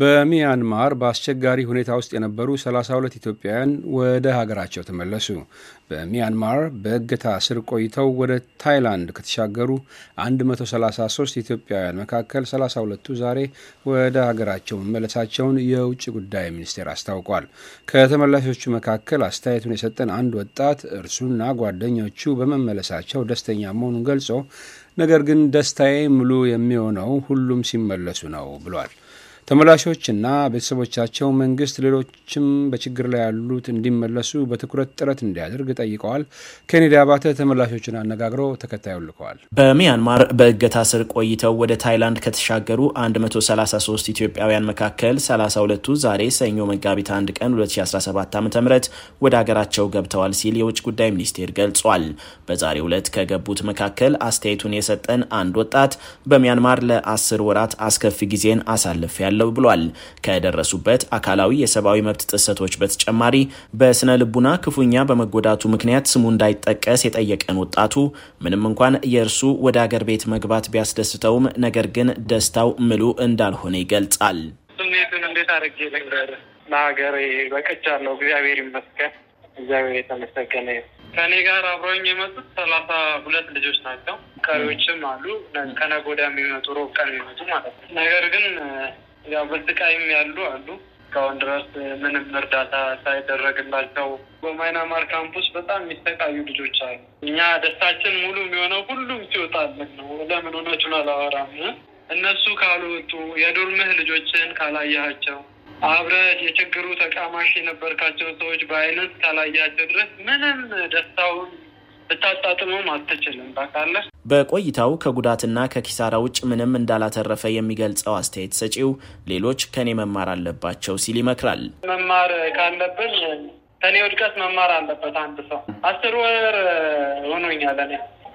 በሚያንማር በአስቸጋሪ ሁኔታ ውስጥ የነበሩ 32 ኢትዮጵያውያን ወደ ሀገራቸው ተመለሱ። በሚያንማር በእገታ ስር ቆይተው ወደ ታይላንድ ከተሻገሩ 133 ኢትዮጵያውያን መካከል 32ቱ ዛሬ ወደ ሀገራቸው መመለሳቸውን የውጭ ጉዳይ ሚኒስቴር አስታውቋል። ከተመላሾቹ መካከል አስተያየቱን የሰጠን አንድ ወጣት እርሱና ጓደኞቹ በመመለሳቸው ደስተኛ መሆኑን ገልጾ ነገር ግን ደስታዬ ሙሉ የሚሆነው ሁሉም ሲመለሱ ነው ብሏል። ተመላሾችና ቤተሰቦቻቸው መንግስት ሌሎችም በችግር ላይ ያሉት እንዲመለሱ በትኩረት ጥረት እንዲያደርግ ጠይቀዋል። ኬኔዲ አባተ ተመላሾችን አነጋግሮ ተከታዩ ልከዋል። በሚያንማር በእገታ ስር ቆይተው ወደ ታይላንድ ከተሻገሩ 133 ኢትዮጵያውያን መካከል 32ቱ ዛሬ ሰኞ መጋቢት 1 ቀን 2017 ዓ ም ወደ አገራቸው ገብተዋል ሲል የውጭ ጉዳይ ሚኒስቴር ገልጿል። በዛሬው ዕለት ከገቡት መካከል አስተያየቱን የሰጠን አንድ ወጣት በሚያንማር ለአስር ወራት አስከፊ ጊዜን አሳልፍ ያለ አለው ብሏል። ከደረሱበት አካላዊ የሰብአዊ መብት ጥሰቶች በተጨማሪ በስነ ልቡና ክፉኛ በመጎዳቱ ምክንያት ስሙ እንዳይጠቀስ የጠየቀን ወጣቱ ምንም እንኳን የእርሱ ወደ አገር ቤት መግባት ቢያስደስተውም ነገር ግን ደስታው ምሉ እንዳልሆነ ይገልጻል። ስሜቱን እንዴት አድርጌ ልንገርህ? ለሀገሬ በቅቻለሁ። እግዚአብሔር ይመስገን። እግዚአብሔር የተመሰገነ ከእኔ ጋር አብረኝ የመጡት ሰላሳ ሁለት ልጆች ናቸው። ቀሪዎችም አሉ ከነጎዳ የሚመጡ ሮብ ቀን የሚመጡ ማለት ነው። ነገር ግን ያው በስቃይም ያሉ አሉ። እስካሁን ድረስ ምንም እርዳታ ሳይደረግላቸው በማይናማር ካምፕስ በጣም የሚሰቃዩ ልጆች አሉ። እኛ ደስታችን ሙሉ የሚሆነው ሁሉም ሲወጣልን ነው። ለምን ሆነችን አላወራም። እነሱ ካልወጡ የዱርምህ ልጆችን ካላያቸው አብረህ የችግሩ ተቃማሽ የነበርካቸው ሰዎች በአይነት ካላያቸው ድረስ ምንም ደስታውን ብታጣጥመው አትችልም ታውቃለህ። በቆይታው ከጉዳትና ከኪሳራ ውጭ ምንም እንዳላተረፈ የሚገልጸው አስተያየት ሰጪው ሌሎች ከኔ መማር አለባቸው ሲል ይመክራል። መማር ካለብን ከኔ ውድቀት መማር አለበት አንድ ሰው። አስር ወር ሆኖኛል። እኔ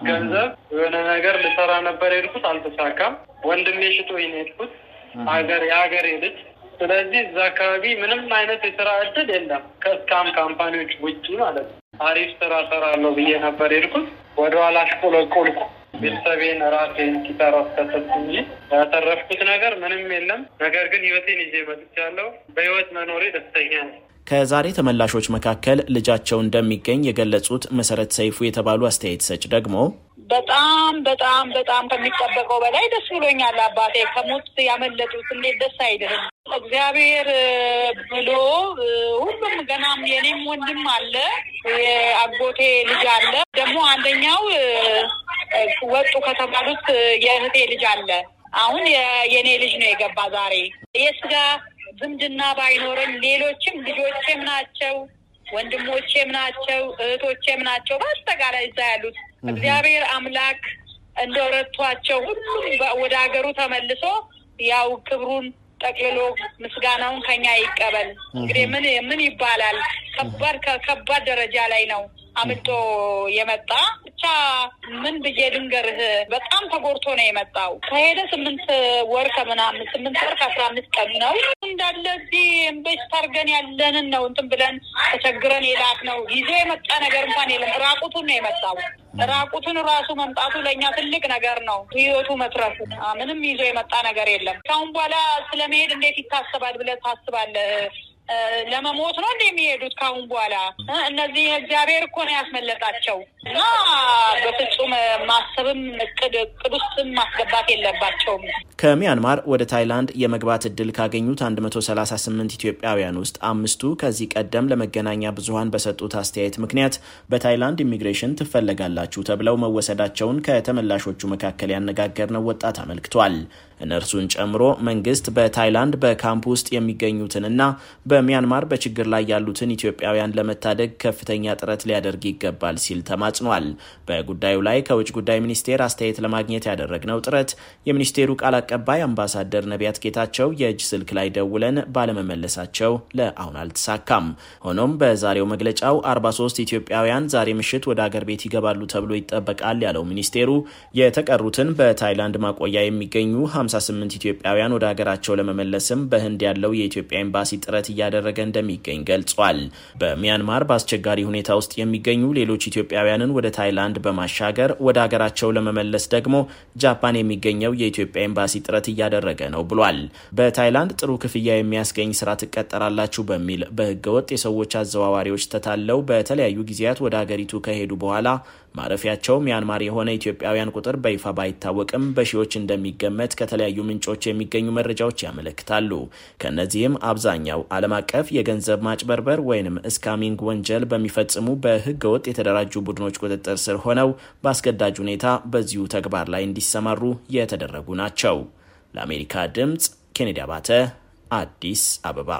ገንዘብ የሆነ ነገር ልሰራ ነበር የሄድኩት፣ አልተሳካም። ወንድሜ ሽጦ ነው የሄድኩት፣ ሀገር የሀገሬ ልጅ ስለዚህ እዛ አካባቢ ምንም አይነት የስራ እድል የለም ከስካም ካምፓኒዎች ውጭ ማለት ነው። አሪፍ ስራ ሰራለሁ ብዬ ነበር የሄድኩት። ወደኋላ አሽቆለቆልኩ። ቤተሰቤን ራሴን ኪሳራ አስከተልኩኝ። ያተረፍኩት ነገር ምንም የለም። ነገር ግን ህይወቴን ይዤ መጥቻለሁ። በህይወት መኖሬ ደስተኛ ነው። ከዛሬ ተመላሾች መካከል ልጃቸው እንደሚገኝ የገለጹት መሰረት ሰይፉ የተባሉ አስተያየት ሰጭ ደግሞ በጣም በጣም በጣም ከሚጠበቀው በላይ ደስ ብሎኛል። አባቴ ከሞት ያመለጡት እንዴት ደስ አይደለም። እግዚአብሔር ብሎ ሁሉም ገናም የኔም ወንድም አለ፣ የአጎቴ ልጅ አለ። ደግሞ አንደኛው ወጡ ከተባሉት የእህቴ ልጅ አለ። አሁን የእኔ ልጅ ነው የገባ ዛሬ። የስጋ ዝምድና ባይኖረኝ ሌሎችም ልጆቼም ናቸው፣ ወንድሞቼም ናቸው፣ እህቶቼም ናቸው። በአጠቃላይ እዛ ያሉት እግዚአብሔር አምላክ እንደረቷቸው ሁሉም ወደ ሀገሩ ተመልሶ ያው ክብሩን ጠቅልሎ ምስጋናውን ከኛ ይቀበል። እንግዲህ ምን ምን ይባላል? ከባድ ከባድ ደረጃ ላይ ነው አምልጦ የመጣ ብቻ ምን ብዬ ድንገርህ በጣም ተጎድቶ ነው የመጣው። ከሄደ ስምንት ወር ከምናምን ስምንት ወር ከአስራ አምስት ቀን ነው እንዳለ እዚህ እምቤስ ታርገን ያለንን ነው እንትን ብለን ተቸግረን የላክ ነው። ይዞ የመጣ ነገር እንኳን የለም። ራቁቱን ነው የመጣው። ራቁቱን ራሱ መምጣቱ ለእኛ ትልቅ ነገር ነው። ህይወቱ መትረፉ ምንም ይዞ የመጣ ነገር የለም። ካሁን በኋላ ስለመሄድ እንዴት ይታሰባል ብለህ ታስባለህ? ለመሞት ነው እንደሚሄዱት ካሁን በኋላ እነዚህ እግዚአብሔር እኮ ነው ያስመለጣቸው። በፍጹም ማሰብም እቅድ እቅድ ውስጥም ማስገባት የለባቸውም። ከሚያንማር ወደ ታይላንድ የመግባት እድል ካገኙት 138 ኢትዮጵያውያን ውስጥ አምስቱ ከዚህ ቀደም ለመገናኛ ብዙኃን በሰጡት አስተያየት ምክንያት በታይላንድ ኢሚግሬሽን ትፈለጋላችሁ ተብለው መወሰዳቸውን ከተመላሾቹ መካከል ያነጋገርነው ወጣት አመልክቷል። እነርሱን ጨምሮ መንግስት በታይላንድ በካምፕ ውስጥ የሚገኙትንና በሚያንማር በችግር ላይ ያሉትን ኢትዮጵያውያን ለመታደግ ከፍተኛ ጥረት ሊያደርግ ይገባል ሲል ተማ ተማጽኗል። በጉዳዩ ላይ ከውጭ ጉዳይ ሚኒስቴር አስተያየት ለማግኘት ያደረግነው ጥረት የሚኒስቴሩ ቃል አቀባይ አምባሳደር ነቢያት ጌታቸው የእጅ ስልክ ላይ ደውለን ባለመመለሳቸው ለአሁን አልተሳካም። ሆኖም በዛሬው መግለጫው 43 ኢትዮጵያውያን ዛሬ ምሽት ወደ አገር ቤት ይገባሉ ተብሎ ይጠበቃል ያለው ሚኒስቴሩ የተቀሩትን በታይላንድ ማቆያ የሚገኙ 58 ኢትዮጵያውያን ወደ ሀገራቸው ለመመለስም በህንድ ያለው የኢትዮጵያ ኤምባሲ ጥረት እያደረገ እንደሚገኝ ገልጿል። በሚያንማር በአስቸጋሪ ሁኔታ ውስጥ የሚገኙ ሌሎች ኢትዮጵያውያንን ኢትዮጵያውያንን ወደ ታይላንድ በማሻገር ወደ አገራቸው ለመመለስ ደግሞ ጃፓን የሚገኘው የኢትዮጵያ ኤምባሲ ጥረት እያደረገ ነው ብሏል። በታይላንድ ጥሩ ክፍያ የሚያስገኝ ስራ ትቀጠራላችሁ በሚል በህገወጥ የሰዎች አዘዋዋሪዎች ተታለው በተለያዩ ጊዜያት ወደ አገሪቱ ከሄዱ በኋላ ማረፊያቸው ሚያንማር የሆነ ኢትዮጵያውያን ቁጥር በይፋ ባይታወቅም በሺዎች እንደሚገመት ከተለያዩ ምንጮች የሚገኙ መረጃዎች ያመለክታሉ። ከእነዚህም አብዛኛው ዓለም አቀፍ የገንዘብ ማጭበርበር ወይንም እስካሚንግ ወንጀል በሚፈጽሙ በህገ ወጥ የተደራጁ ቡድኖች ቁጥጥር ስር ሆነው በአስገዳጅ ሁኔታ በዚሁ ተግባር ላይ እንዲሰማሩ የተደረጉ ናቸው። ለአሜሪካ ድምፅ ኬኔዲ አባተ አዲስ አበባ